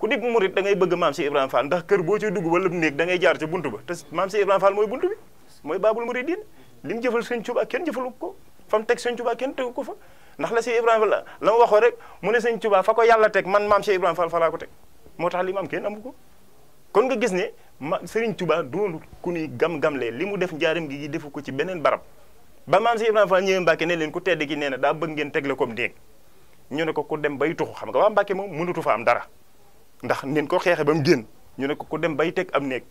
ku dig murit da ngay bëgg maam si Ibrahima Fall ndax kër boo ci dugg wala néeg da ngay jaar ca buntu ba maam si Ibrahima Fall mooy buntu bi mooy baabul muridin kenn jëfalu ko fa mu teg sëñ Tuubaa kenn tegu ko fa ndax la si Ibrahima la la ma waxoo rek mu ne sëñ Tuubaa fa ko yàlla teg man maam si Ibrahima Fall fa laa ko teg moo tax li maam kenn amu ko kon nga gis ne ma Serigne Touba doolu ku ni gam le li mu def njaarim gi defu ko ci beneen barab ba maam si Ibrahima Fall ñëwee Mbàkke ne leen ku tedd gi nee na daa bëgg ngeen teg la comme déeg ñu ko ku dem bay xam nga waa Mbàkke moom mënutu fa am dara ndax nin ko xeexe ba mu génn ñu ne ko ku dem bay teg am néeg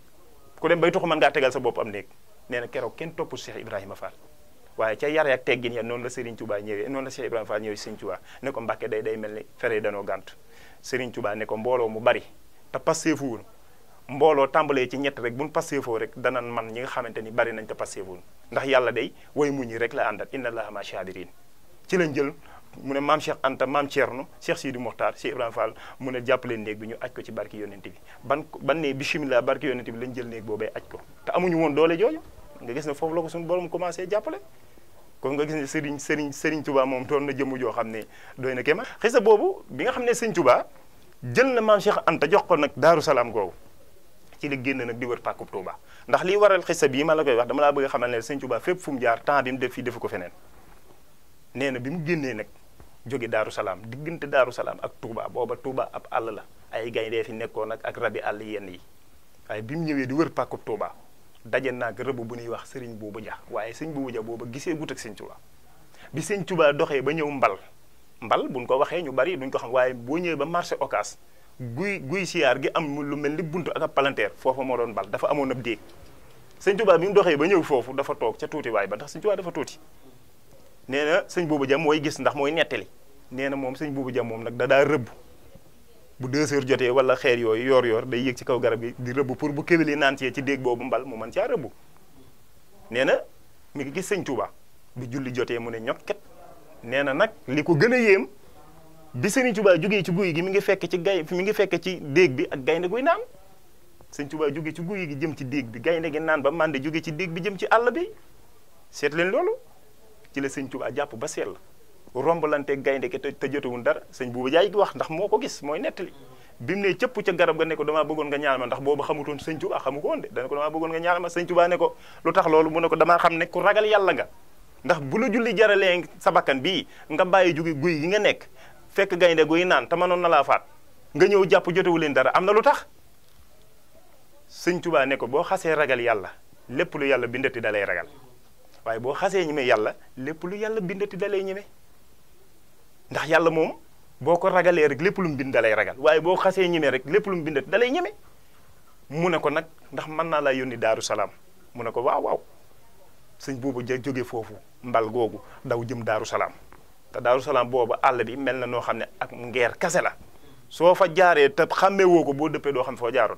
ku dem bay tuxu mën ngaa tegal sa bopp am néeg nee na keroog kenn topp Cheikh Ibrahima Fall waaye ca yar ak teggin ya noonu la Serigne Touba ñëwee noonu la Cheikh Ibrahima Fall ñëwee Serigne Touba ne day day ni fere danoo gànt Serigne Touba ne ko mbooloo mu bari te passeefuwul mbooloo tàmbalee ci ñett rek bu buñ passeefoo rek danañ man ñi nga xamante ni bari nañ te passeefuwul ndax yàlla day way muñ rek la àndal inna allaha ma sabirin ci lañ jël mu ne maam Cheikh Anta maam Thierno Cheikh Sidi Mokhtar Cheikh Ibrahima Fall mu ne jàppale néeg bi ñu aj ko ci barki yonent bi ban ban ne bisimilah barki yonent bi lañ jël néeg boobee aj ko te amuñu woon doole jooju nga gis ne foofu la ko suñu borom commencé jàppale kon nga gis ne Serigne Serigne Serigne Touba moom doon na jëmm joo xam ne doy na kéema xisa boobu bi nga xam ne Serigne tubaa jël na maam Cheikh Anta jox ko nag Daaru Salaam googu ci la a xamal ne Serigne Touba fépp fu ko feneen nee na bi mu génnee nag jóge daaru salaam diggante daaru salaam ak Touba booba Touba ab àll la ay gayndee fi nekkoon ak ak rabi àll yenn yi waaye bi mu ñëwee di wër pàkku Touba daje naag rëbb bu nuy wax sëriñ boobu ja waaye sëñ boobu ja booba gisee gut ak sëñ Touba bi sëñ Touba doxee ba ñëw mbal mbal bu buñ ko waxee ñu bari duñ ko xam waaye boo ñëwee ba marché Ocass guy guy siyaar gi am lu mel ni bunt ak ab palanteer foofa moo doon mbal dafa amoon ab déeg sëñ bi mu doxee ba ñëw foofu dafa toog ca tuutiwaay ba ndax sëñ Touba dafa tuuti nee na sëñ boobu jam mooy gis ndax mooy nettali nee na moom sëñ boobu jam moom nag da daa rëbb bu deux heures jotee wala xeer yooyu yoor yoor day yéeg ci kaw garab gi di rëbb pour bu kéwéli naan ci déeg boobu mbal mu mën nee na mi ngi gis sëñ Touba bi julli jotee mu ne ñokket nee na nag li ko gën a yéem bi sëñ Touba jugee ci guy gi mi ngi fekk ci gay mi ngi fekk ci déeg bi ak gaynde guy naan sëñ Touba jugee ci guy gi jëm ci déeg bi gaynde gi naan ba mànde jugee ci déeg bi jëm ci àll bi seet leen loolu la sëñ Tuubaa jàpp ba sell lante gaynde ke te jotewun dara sëñ buuba jaay wax ndax moo ko gis mooy nettali bi mu ne cëpp ca garab ga ne ko damaa bëggoon nga ñaanal ma ndax boobu xamutoon sëñ Tuubaa xamu ko woon de dana ko damaa bëggoon nga ko lu tax loolu mu ne ko damaa ne ku ragal yàlla nga ndax bu julli jaralee sa bakkan bii nga bàyyi jóge guy gi nga nekk fekk gaynde guy naan te mënoon na laa faat nga ñëw jàpp jotewu leen dara am na lu tax sëñ ko boo xasee ragal yàlla lépp lu yàlla bindati da lay ragal waaye boo xasee ñeme yàlla lépp lu yàlla bindati dalay ñeme ndax yàlla moom boo ko ragalee rek lépp lu mu bind waaye boo xasee ñeme rek lépp lu mu bindati dalay ñeme mu ne ko nag ndax mën naa laa yónni daaru salaam mu ne ko waaw waaw sëñ boobu ja jóge foofu mbal googu daw jëm daaru salaam te daaru salaam boobu àll bi mel na noo xam ne ak ngeer kase la soo fa jaaree te xàmmee woo ko boo dëppee doo xam foo jaaroon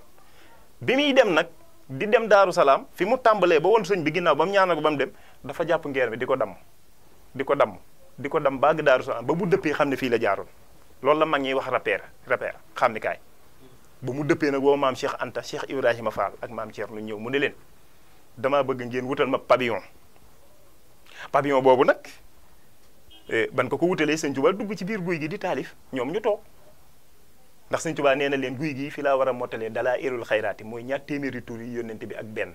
bi muy dem nag di dem daaru salaam fi mu tàmbalee ba woon sëñ bi ginnaaw ba mu ko ba dem dafa jàpp ngeer bi di ko damm di ko damm di ko damm baag daaru salaam ba mu dëppee xam ne fii la jaaroon loolu la mag ñiy wax repère repère xam ni kaay ba mu dëppee nag woo maam Cheikh Anta Cheikh Ibrahima Fall ak maam Cheikh ñëw mu ne leen damaa bëgg ngeen wutal ma pavillon pavillon boobu nag eh, ban ko ko wutalee sëñ Tuubaa dugg ci biir guy gi di taalif ñoom ñu toog ndax sëñ Tuubaa nee na leen guy gi fi laa war a mottalee dalaa irul xayraati mooy ñaar téeméeri tur yi yónnent bi ak benn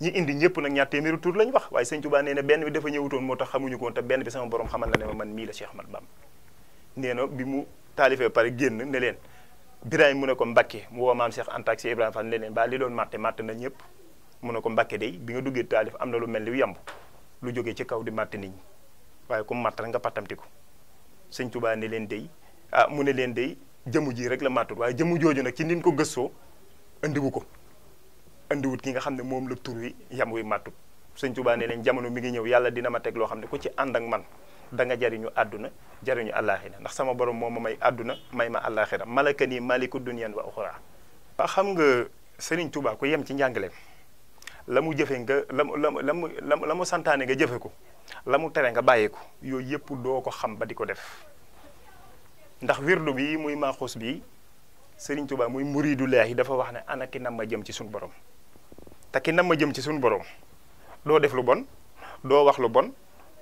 ñi indi ñëpp nag ñaar téeméeri tur lañ wax waaye sëñ Tuubaa nee na benn bi dafa ñëwutoon moo tax xamuñu ko te benn bi sama borom xamal na ne ma man mii la Cheikh Ahmad Bamba nee na bi mu taalifee ba pare génn ne leen Birahim mu ne ko Mbakke mu woo maam Cheikh Anta ak Cheikh leen baa li doon matte na ñëpp mu ne ko Mbakke day bi nga duggee taalif am na lu mel ni yamb lu jógee ci kaw di matte nit ñi comme matt rek nga pattamti ko sëñ leen day ah mu ne leen day jëmu ji rek la mattul waaye jëmu jooju nag ci nin ko gëstoo andiwu ko andiwut ki nga xam ne moom la tur wi yam wi màttut sëñ Tuubaa nee nañ jamono mi ngi ñëw yàlla dina ma teg loo xam ne ku ci àndak man da nga jariñu àdduna jariñu àllaaxira ndax sama borom moo ma may àdduna may ma àllaaxira malaka nii maliku dunyan wa uxra ba xam nga sëriñ Tuubaa ku yem ci njàngaleem la mu jëfe nga la mu la la mu santaane nga jëfe ko la mu tere nga bàyyi ko yooyu yëpp doo ko xam ba di ko def ndax wirdu bii muy maaxus bi sëniñ tubaa muy muriidu laahi dafa wax ne ana nam ma jëm ci suñu borom te ki ma jëm ci suñu borom doo def lu bon doo wax lu bon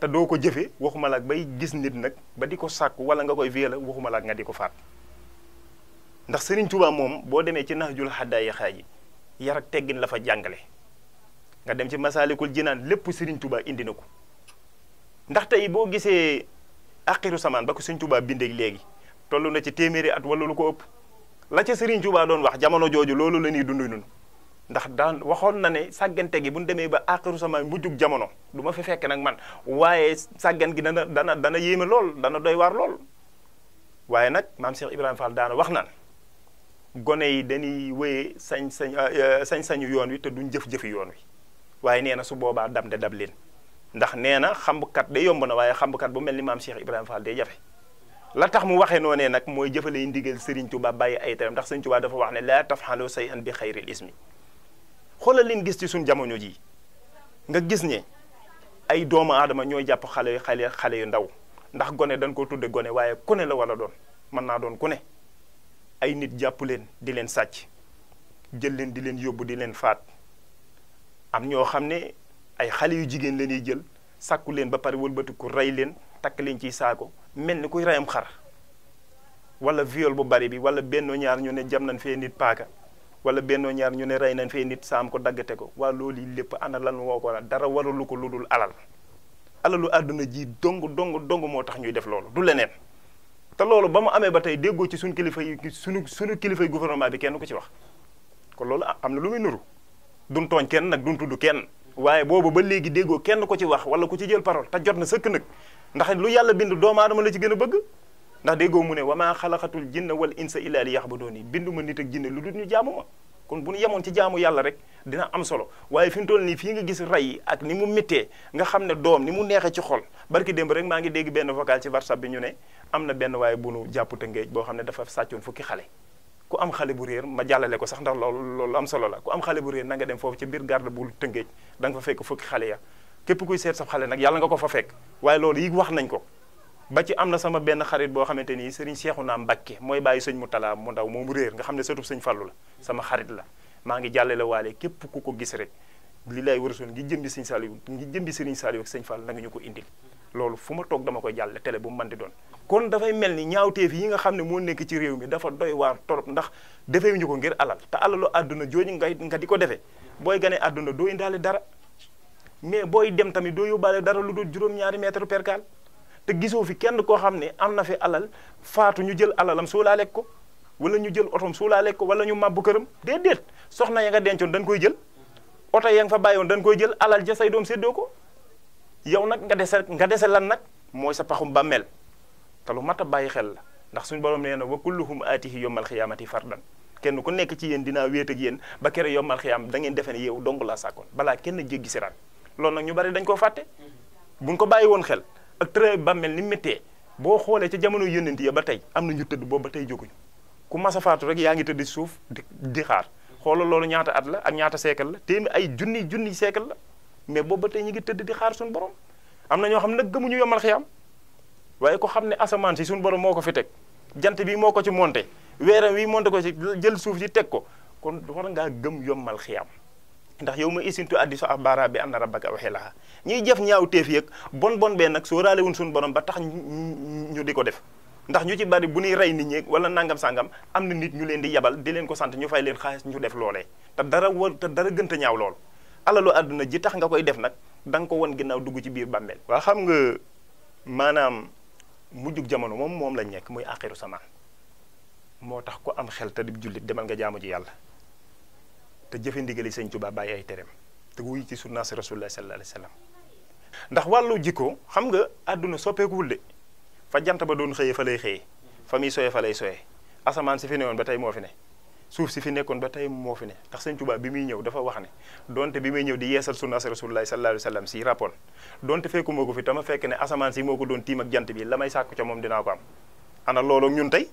te doo ko jëfe waxuma laak bay gis nit nag ba di ko sàkku wala nga koy véela waxuma laak nga di ko faat ndax sëriñ Touba moom boo demee ci naajul Hadaaya xaaji yar ak teggin la fa jàngale nga dem ci Masaalikul Jinaan lépp sëriñ Touba indi na ko ndax tey boo gisee aqiru samaan ba ko Serigne Touba bindee léegi toll na ci téeméeri at wala lu ko ëpp la ca Serigne Touba doon wax jamono jooju loolu la ñuy dund ñun ndax daan waxoon na ne sàggante gi bu ñu demee ba àqiru sama jug jamono duma fi fekk nag man waaye sàggan gi dana dana dana yéeme lool dana doy waar lool waaye nag maam Cheikh Ibrahima Fall wax naan gone yi dañuy wéyee sañ-sañ euh, euh, sañ-sañu yoon wi te duñ jëf-jëfi yoon wi waaye nee na su boobaa dam de dab leen ndax nee na xambukat de yomb na waaye bu mel ni maam Cheikh Ibrahima Fall day jafe la tax mu waxee noonee nag mooy jëfalee ndigal Serigne Touba bàyyi ay teram ndax Serigne Touba dafa wax ne laa tafxalu say an bi xayril ismi xoolal leen gis ci suñ jamono ji nga gis ne ay doomu aadama ñooy jàpp xale yu xale xale yu ndaw ndax gone dañ koo tudde gone waaye ku la wala doon mën naa doon ku ne ay nit jàpp leen di leen sàcc jël leen di leen yóbbu di leen faat am ñoo xam ne ay xale yu jigéen la ñuy jël sàkku leen ba pare wëlbatiku rey leen takk leen ciy saako mel ni kuy reyam xar wala viol bu bari bi wala benn ñaar ñu ne jam nañ fee nit paaka wala bennoo ñaar ñu ne rey nañ fee nit saam ko daggate ko waa loolu yi lépp ana lan woo ko la dara waralu ko lu dul alal alalu àdduna ji dong dong dong moo tax ñuy def loolu du leneen te loolu ba mu amee ba tey déggoo ci suñu kilifa yi suñu suñu kilifa yi gouvernement bi kenn ku ci wax kon loolu am na lu muy nuru duñ tooñ kenn nag duñ tudd kenn waaye boobu ba léegi déggoo kenn ku ci wax wala ku ci jël parool te jot na sëkk nag ndax lu yàlla bind doomu la ci gën a bëgg ndax déggoo mu ne wa maa xalaqatul jinna wal insa illa li yaxbudooni binduma nit ak jinne lu dul ñu jaamu kon bu ñu yemoon ci jaamu yàlla rek dina am solo waaye fi mu toll nii fii nga gis rey yi ak ni mu méttee nga xam ne doom ni mu neexee ci xol barki démb rek maa ngi dégg benn vocal ci whatsapp bi ñu ne am na benn waaye bu nu jàpp Tëngéej boo xam ne dafa sàccoon fukki xale ku am xale bu réer ma jàllale ko sax ndax loolu loolu am solo la ku am bu réer na nga dem foofu ci biir garde bu Tëngéej da nga fekk fukki xale ya képp kuy seet sa xale nag yàlla nga ko fa fekk waaye loolu yi wax nañ ko ba ci am na sama benn xarit boo xamante ni sëriñ naa Mbàkke mooy bàyyi sëñ talaa mu ndaw moom réer nga xam ne sëtub sëñ Fallu la sama xarit la maa ngi jàlle la waale képp ku ko gis rek li lay warasoon ngi bi sëñ Saliou ngi jëmbi sëriñ Saliou ak sëñ Fall na ñu ko indil loolu fu ma toog dama koy jàlle télé bu mu mën di doon kon dafay mel ni ñaaw ñaawteef yi nga xam ne moo nekk ci réew mi dafa doy waar torop ndax defeewuñu ko ngir alal te alalu àdduna jooju ngay nga di ko defee booy ganee àdduna doo indaale dara mais booy dem tamit doo yóbbaale dara lu dul juróom-ñaari mètre percal te gisoo fi kenn koo xam ne am na fi alal faatu ñu jël alalam suulaale ko wala ñu jël otoom suulaale ko wala ñu màbbu këram déedéet soxna ya dencoon dañ koy jël oto ya nga fa bàyyoon dañ koy jël alal ja say doom séddoo ko yow nag nga dese nga dese lan nag mooy sa paxum ba mel lu mat bàyyi xel la ndax suñu borom nee na wa kulluhum aatihi yawmal xiyaamati fardan kenn ku nekk ci yéen dinaa wéet ak yéen ba kere yowmal xiyaam da ngeen defe ne yow dong la sàkkoon balaa kenn jéggi siraan loolu nag ñu bari dañ koo fàtte buñ ko bàyyi woon xel ak tërë bàmmeel ni méttee boo xoolee ca jamono yónnent ya ba tey am na ñu tëdd boobu ba tey jóguñu ku mas a faatu rek yaa ngi tëdd suuf di xaar xoolal loolu ñaata at la ak ñaata seekal la téeméer ay junni junni siècle la mais boobu ba tey ñu ngi tëdd di xaar suñu borom am na ñoo xam ne nag gëmuñu yomal xiyam waaye ko xam ne asamaan si suñu borom moo ko fi teg jant bii moo ko ci monté weeram wi monté ko ci jël suuf si teg ko kon war ngaa gëm yomal xiyam ndax yow ma isintu addi so a baara bi anna rabbaka waxi laha ñuy jëf ñaaw téef yëg bon bon bee nag sóoraale wuñ suñu borom ba tax ñu di ko def ndax ñu ci bari bu nuy rey ni ñi wala nangam sangam am na nit ñu leen di yabal di leen ko sant ñu fay leen xaalis ñu def loolee te dara war te dara gënta ñaaw lool alalu àdduna ji tax nga koy def nag da ko won ginnaaw dugg ci biir bàmmeel waa xam nga maanaam mujjug jamono moom moom lañ nekk muy axiru samaan moo tax ku am xel te di jullit demal nga jaamu ji yàlla te jëfe ndigali sañ Tuubaa bàyyi ay tereem te wuy ci sunnaas rasulullah sallallahu alayhi wa sallam ndax wàllu jikko xam nga àdduna soppeekuwul de fa jant ba doon xëyee fa lay xëyee fa muy soyee fa lay soyee asamaan si fi newoon ba tey moo fi ne suuf si fi nekkoon ba tey moo fi ne ndax sëñ Tuubaa bi muy ñëw dafa wax ne donte bi muy ñëw di yeesal sunnaas rasulullah sallallahu alayhi wa sallam si rapport donte fekkuma ko fi tama fekk ne asamaan si moo ko doon tiim ak jant bi la may sàkku ca moom dinaa am ana loolu ñun tey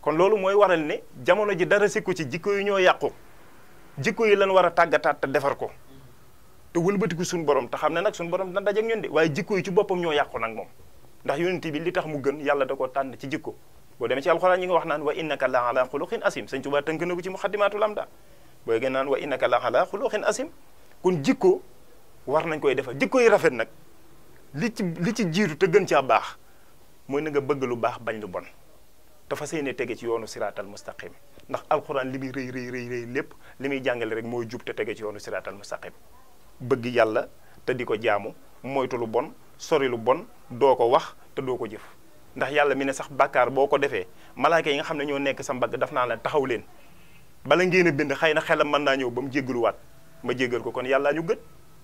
kon loolu mooy waral ne jamono ji dara sikku ci jikko yu ñoo yàqu jikko yi lan war a tàggataat te defar ko te wëlbatiku suñu borom te xam ne nag suñu borom dina daje ak ñun de waaye jikko yi ci boppam ñoo yàqu nag moom ndax yonent bi li tax mu gën yàlla da ko tànn ci jikko boo demee ci alxuraan ñi nga wax naan wa innaka la ala xuluqin asim sëñ Tuubaa tënk na ko naan wa innaka la ala xuluqin asim kon jikko war nañ koy defar jikko yi rafet nag li ci li ci jiitu te gën caa baax mooy na nga bëgg lu baax bañ lu bon dafa fas tege ci yoonu siraatal mustaqim ndax alxuraan li muy rëy rëy rëy lépp li muy jàngale rek moo jub te tege ci yoonu siraatal mustaqim bëgg yàlla te di ko jaamu moytu lu bon sori lu bon doo ko wax te doo ko jëf ndax yàlla mi ne sax bàkkaar boo ko defee malaaka yi nga xam ne ñoo nekk sa mbagg daf naa la taxaw leen bala ngeen a bind xëy na xelam mën naa ñëw ba mu jéggaluwaat ma jéggal ko kon yàlla ñu gën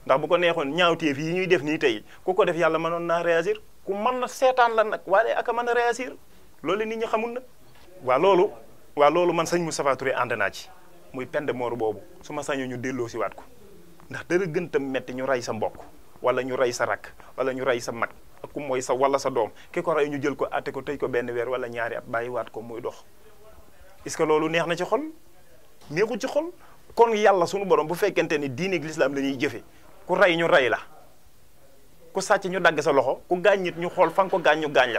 ndax bu ko neexoon ñaawteef yi ñuy def nii tey ku ko def yàlla mënoon naa réagir ku mën na seetaan la nag waaye ak a a réagir loolu nit ñi xamul na waa loolu waaw loolu man sañ mu Touré ànd naa ci muy pende boobu su ma sañu ñu delloo si waat ko ndax dara gëntam metti ñu rey sa mbokk wala ñu rey sa rakk wala ñu rey sa mag ak ku mooy sa wala sa doom ki ko rey ñu jël ko àtte ko tëj ko benn weer wala ñaari at bàyyiwaat ko muy dox est que loolu neex na ci xol neexu ci xol kon yàlla sunu borom bu fekkente ni diine ak lislaam la ñuy jëfe ku rey ñu rey la ku sàcc ñu dagg sa loxo ku gaañ nit ñu xool fa nga ko gaañ ñu gaañ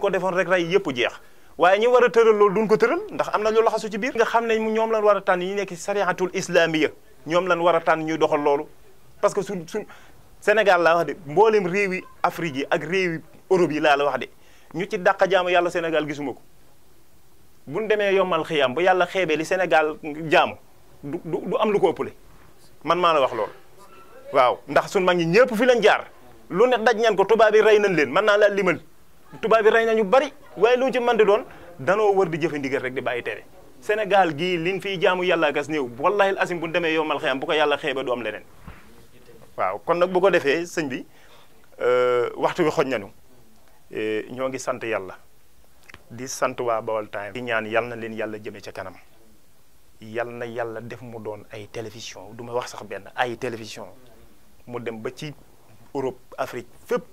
ko defoon rek rey yëpp jeex waaye ñi war a tëral loolu dun ko tëral ndax am na lu laxasu ci biir nga xam ne ñoom lan war a tànn yi nekk ci sariatul islamiya ñoom lan war a tànn ñuy doxal loolu parce que suñ su Sénégal laa wax de mboolem réewi Afrique yi ak réewi Europe yi laa la wax de ñu ci dàq jaamu yàlla senegal gisuma ko bu ñu demee yombal xiyam bu yàlla xeebee li Sénégal jaamu du am lu ko ëppale man maa la wax loolu waaw ndax suñ mag ñi ñëpp fi lañ jaar lu ne daj ñan ko tubaab yi rey nañ leen mën naa laa limal tubaab bi rey nañu bari waaye lu ci mën doon danoo wër di jëfe ndigal rek di bàyyi tere Sénégal gii liñ fiy jaamu yàlla gas néew wallahi asim bu demee yow mal bu ko yàlla xëy ba du am leneen waaw kon nag bu ko defee sëñ bi euh, waxtu wi xoj nañu euh, ñoo ngi sant yàlla di sant waa Baol Times di ñaan yal na leen yàlla jëmee ca kanam yal na yàlla def mu doon ay télévision du ma wax sax benn ay télévision mu dem ba ci Europe Afrique fépp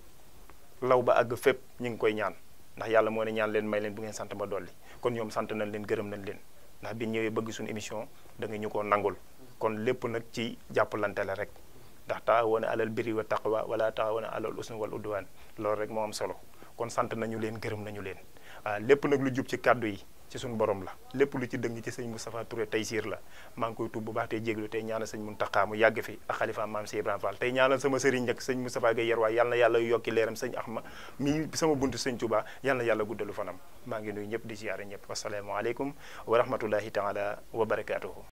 law ba àgg fépp ñu ngi koy ñaan ndax yàlla moo ne ñaan leen may leen bu ngeen sant ma dolli kon ñoom sant nañ leen gërëm nañ leen ndax bi ñëwee bëgg suñu émission da nga ñu ko nangul kon lépp nag ci jàppalante la rek ndax taawoon alal birri wa taqwa wala taawoon alal usni wal udwaan loolu rek moo am solo kon sant nañu leen gërëm nañu leen ah, lépp nag lu jub ci kàddu yi ci suñu borom la lépp lu ci dëng ci sëñ Moustapha Touré tey siir la maa ngi koy tuub bu baax tey jéglu tey ñaanal sëñ Mountakha mu yàgg fi ak xalifa maam si Ibrahima Fall tey ñaanal sama sëriñ nag sëñ Moustapha Gueye Yerwaay yal na yàlla yokki leeram sëñ Axma mi sama buntu sëñ Touba yal yàlla guddalu fanam maa ngi nuyu ñëpp di ziyaare ñëpp wasalaamualeykum wa rahmatullahi taala wa barakaatuhu